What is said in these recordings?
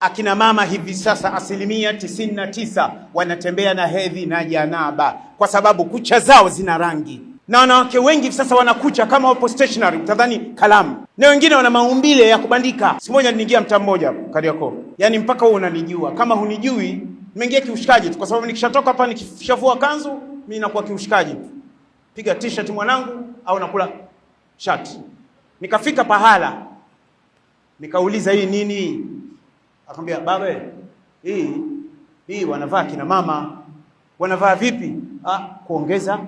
Akina mama hivi sasa asilimia tisini na tisa wanatembea na hedhi na janaba, kwa sababu kucha zao zina rangi, na wanawake wengi sasa wanakucha kama wapo stationary, utadhani kalamu, na wengine wana maumbile ya kubandika. Siku moja niliingia mtaa mmoja Kariakoo, yaani mpaka huo unanijua, kama hunijui nimeingia kiushikaji tu, kwa sababu nikishatoka hapa nikishavua kanzu mimi nakuwa kiushikaji tu, piga t-shirt mwanangu, au nakula shati. Nikafika pahala nikauliza hii nini akamwambia baba hii hii wanavaa kina mama, wanavaa vipi? Ah, kuongeza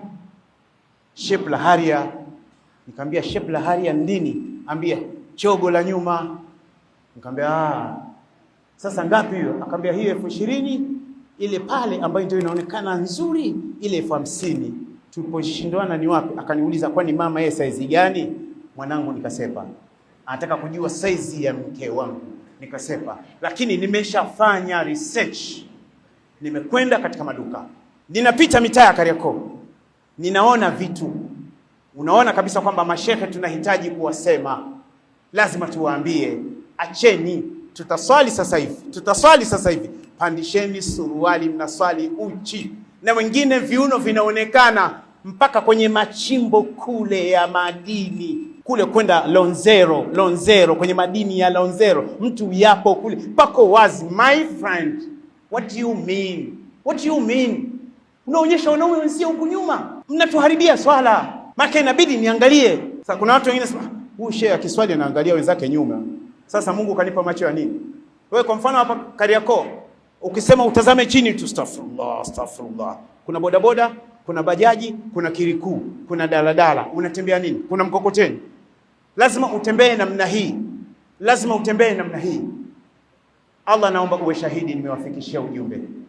shape la haria. Nikamwambia shape la haria ni nini? Ambia chogo la nyuma. Nikamwambia ah, sasa ngapi hiyo? Akamwambia hiyo elfu ishirini ile pale ambayo ndio inaonekana nzuri ile elfu hamsini Tuliposhindwana ni wapi? Akaniuliza, kwani mama yeye size gani? Mwanangu, nikasema anataka kujua size ya mke wangu nikasepa, lakini nimeshafanya research, nimekwenda katika maduka, ninapita mitaa ya Kariakoo, ninaona vitu, unaona kabisa kwamba mashehe tunahitaji kuwasema, lazima tuwaambie, acheni, tutaswali sasa hivi, tutaswali sasa hivi, pandisheni suruali, mnaswali uchi na wengine viuno vinaonekana mpaka kwenye machimbo kule ya madini kule kwenda Lonzero, Lonzero kwenye madini ya Lonzero, mtu yapo kule, pako wazi. My friend, what do you mean? What do you mean? Unaonyesha wanaume wenzio huku nyuma, mnatuharibia swala. Maana inabidi niangalie. Sasa kuna watu wengine sema huyu shehe akiswali anaangalia wenzake nyuma. Sasa Mungu kanipa macho ya nini? Wewe kwa mfano hapa Kariakoo ukisema utazame chini tu, astaghfirullah, astaghfirullah. Kuna bodaboda, kuna bajaji, kuna kirikuu, kuna daladala. Unatembea nini? Kuna mkokoteni lazima utembee namna hii, lazima utembee namna hii. Allah, naomba uwe shahidi, nimewafikishia ujumbe.